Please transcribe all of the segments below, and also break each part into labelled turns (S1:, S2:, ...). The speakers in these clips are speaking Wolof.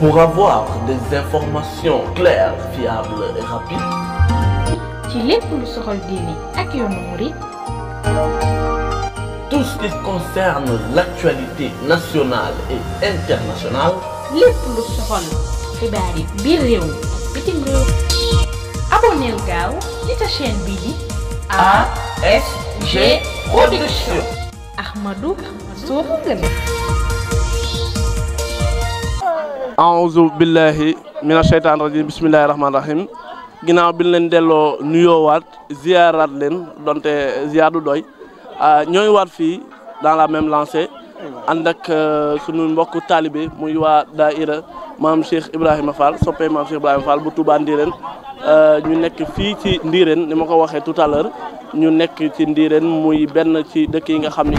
S1: Pour avoir des informations claires, fiables et rapides, Qu'il est pour le Sorodini Akiyomori. Tout ce qui concerne l'actualité nationale et internationale, lépp pour soxal xibaar yi biir réew Abonnez-vous à abonneel chaîne bii di ASG Production Ahmadou أعوذ aouzu billahi mina sheytaan rajim bisimillahi rahmaani rahim ginnaaw bi leen nuyo wat ziarat leen donte ziar du doy ñoy wat fi dans la même lancée andak sunu mbokk talibé muy wa daïra mam Cheikh ibrahim Fall soppee mam Cheikh ibrahim Fall bu Touba Ndiréen ñu nek fi ci ndiren nima ko waxé tout à l'heure ñu nek ci ndiren muy ben ci dëkk yi nga xamni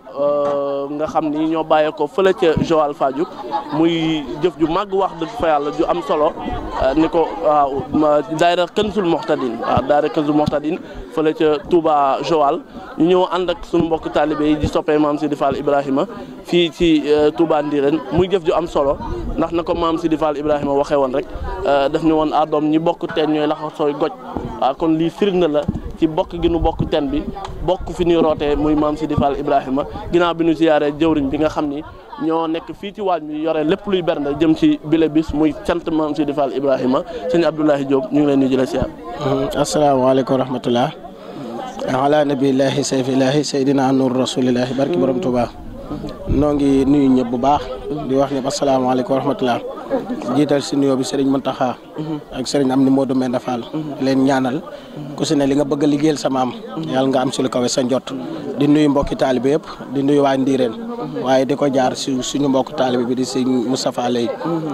S1: nga xam ni ñoo bàyyee ko joal fajuk. muy jëf ju màgg wax dëgg fa ju am solo eh, niko ko waaw muhtadin kansul moxtadin waaw daayra kansul touba joal ñu anda ànd ak sunu mbokk talibé di soppee maam sidi fall ibrahima fii ci eh, touba muy jëf ju am solo ndax na ko maam sidi fall ibrahima waxee woon rek eh, daf ni woon adoom ñi bokk teen ñooy laxasooy goj kon la ci bokk gi nu bokk ten bi bokk fi ñuy rootee muy maam Sidi defaal Ibrahima ginnaaw bi nu siyaaree jëwriñ bi nga xam ni ñoo nekk fii ci waañ mi yore lépp luy bernde jëm ci bile bis muy cant maam si Fall Ibrahima sëñ Abdoulahi Diop ñu ngi leen di jëlee siyaar.
S2: Mm-hmm. asalaamaaleykum wa rahmatulah. ala nabillahi sayfillahi saydina nur rasulillahi barki borom Tuubaa mm-hmm. noo ngi nuyu ñëpp bu baax. di wax ñëpp asalaamaaleykum wa rahmatulah. jiital si nuyoo bi sëriñ Muntaxa mhm. ak sëriñ amni ni Modou Menda Fall mhm. leen ñaanal mhm. ku si ne li nga bëgg a sa nga am si lu kawe sa njot di nuyu mbokki taalibe yëpp di nuyu waa Ndiireen waaye di ko jaar si suñu mbokk taalibe bi di sëñ Moustapha Lay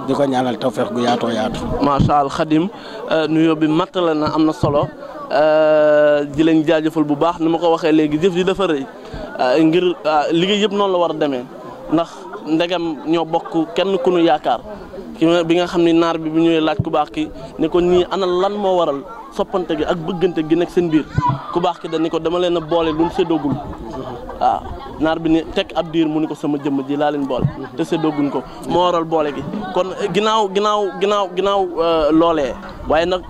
S2: di ko ñaanal tawfeex gu yaatoo yaatu macha allah Xadim
S1: euh, nuyoo bi mattala na am na solo euh, di leen jaajëfal bu baax ni ko waxee léegi jëf ji dafa rëy euh, ngir liggéey yëpp noonu la ndax ndegam kenn ki bi nga xam ne naar bi bu ñëwee laaj ku baax ki ne ko nii ana lan moo waral soppante gi ak bëggante gi nekk seen biir ku baax ki da ni ko dama leen a boole lu mu séddoogul ah, naar bi ne teg ab diir mu ni ko sama jëmm ji laa leen boole te séddooguñ ko moo waral boole gi kon eh, ginnaaw ginnaaw ginnaaw ginnaaw euh, loolee waaye nag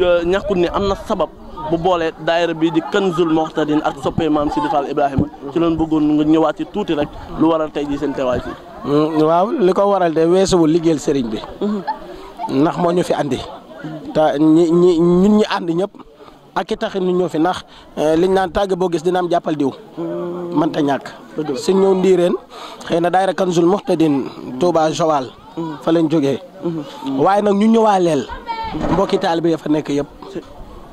S1: euh, ñàkkul ne am na sabab bu boole daayira bi di Kanzul muhtadin ak soppee maam Sidi Fall Ibrahima ci loon bëggoon nga ñëwaat ci tuuti rek lu waral tey ji seen teewaay fii
S2: mm, waaw li ko waral de weesuwul liggéeyal sëriñ bi mhm. ndax moo ñu fi andi Ta ñi ñi ñun ñi ànd ñëpp ak taxit ñu ñoo fi ndax eh, liñ naan tàgg boo gis dina am jàppal diw mm. man ta ñàkk si ñëw ndiireen xëy na daayira Kanzul muhtadin Touba Joal mm. fa lañ jógee mm-hmm. Mm-hmm. waaye nag ñu ñëwaaleel mbokki taalibe ya fa nekk yëpp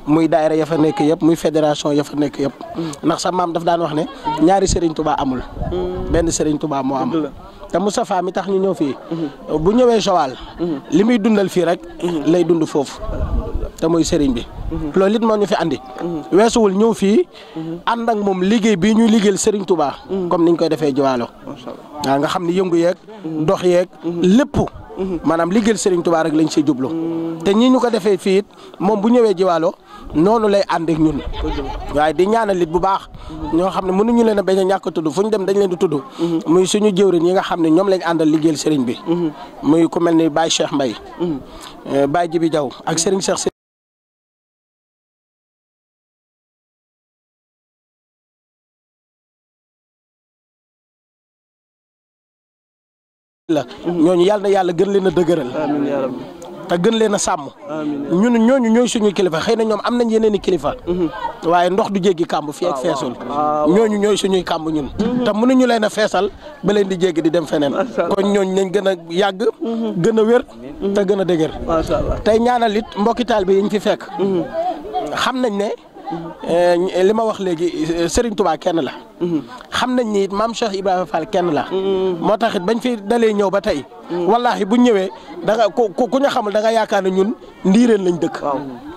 S2: muy daayira ya fa nekk yëpp muy fédération ya fa nekk yëpp ndax sa maam daf daan wax ne ñaari sëriñ Touba amul benn sëriñ Touba moo am te Moustapha mi tax ñu ñëw fii bu ñëwee Joal li muy dundal fii rek lay dund foofu te mooy sëriñ bi loolu it moo ñu fi andi weesuwul ñëw fii ànd ak moom liggéey bii ñuy liggéeyal sëriñ Touba comme niñ koy defee Joalo waaw nga xam ni yëngu yeeg dox yeeg lépp maanaam liggéeyal Serigne Touba rek lañ see jublu te ñi ñu ko defee fii it moom bu ñëwee jiwaalo noonu lay ànd ak ñun waaye di ñaanal it bu baax ñoo xam ne mënuñu leen a bañ a ñàkk tudd fu ñu dem dañ leen di tudd muy suñu jëwrin ñi nga xam ne ñoom lañ àndal liggéeyal Serigne bi muy ku mel ni Baye Cheikh Mbaye mm-hmm. euh, Baye Jibi Diaw ak Serigne Cheikh la ñooñu yàlla na yàlla gën leen a dëgëral te gën leen a sàmm ñun ñooñu ñooy suñuy kilifa xëy na ñoom am nañ yeneen i kilifa mhm. waaye ndox du jéggi kàmb fi ak ah, feesul ah, ñooñu ñooy suñuy kàmb ñun mhm. te mënuñu leen a feesal ba leen di jéggi di dem feneen kon ñooñu nañ gën a yàgg mhm. gën a wér te gën a dëgër tey ñaanal it mbokki taal bi yiñ fi fekk xam nañ ne Euh, li ma wax léegi euh, Serigne Touba kenn la. Mhm. xam nañ ni it maam Cheikh Ibrahima Fall kenn la. Mhm. moo tax it bañ fi dalee ñëw ba tey. Mhm. wallaahi bu ñëwee da nga ku ku ñu xamul da nga yaakaar ne ñun ndiireen lañ dëkk.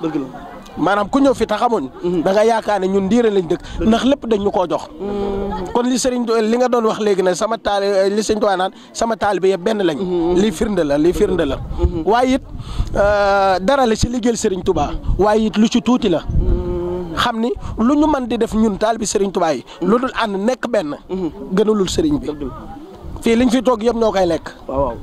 S2: dëgg maanaam ku ñëw fi taxamoon. da nga yaakaar ne ñun ndiireen lañ dëkk. ndax lépp dañ ñu koo jox. kon li Serigne li nga doon wax léegi nag sama taal euh, li Serigne sama taal bi yëpp benn lañ. li firnde la li firnde la. waaye it dara la si liggéeyal sëriñ Touba waaye it lu ci tuuti la. xam ni lu ñu man di def ñun taalibi Serigne Touba yi lu dul ànd nekk benn gënalul Serigne bi fii liñ fi toog yëpp ñoo koy lekk waaw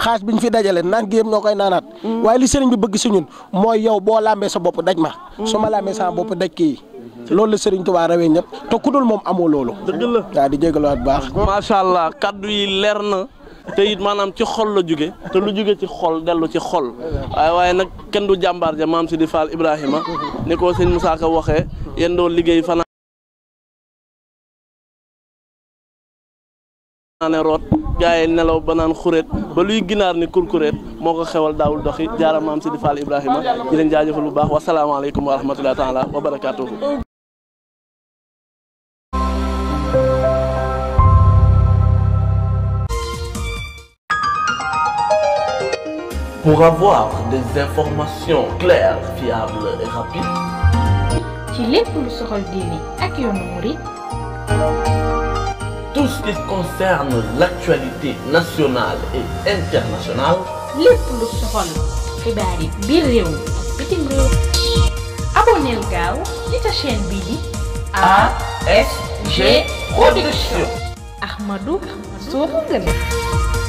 S2: xaas biñ fi dajale naan gi yëpp ñoo koy naanaat mm. waaye li Serigne bi bëgg si ñun mooy yow boo làmbee sa bopp daj ma mm. su ma làmbee sa bopp daj kii loolu la Serigne Touba rawee ñëpp te ku dul moom amoo loolu. dëgg la waaw di jégaluwaat bu baax.
S1: macha allah kaddu yi leer na. te it maanaam ci xol la jóge te lu jóge ci xol dellu ci xol waaye waaye nag kenn du jàmbaar ja maam si di faal Ibrahima ni ko sëñ Moussa Ka waxee yéen doo liggéey fanaan ne root gaay nelaw ba naan xuréet ba luy ginaar ni kurkuréet moo ko xewal daawul doxi jaara maam si di faal Ibrahima di leen jaajëfal lu baax wasalaamaaleykum wa rahmatullahi taala wa barakaatuhu Pour avoir des informations claires, fiables et rapides, ci lépp lu soxal diine ak yoonu murit. Tout ce qui concerne l'actualité nationale et internationale. lépp lu soxal xibaar yi biir réew mi ak bitim réew. abonneel gaaw ci ta chaîne ASG
S2: Production.
S1: Ahmadou Sow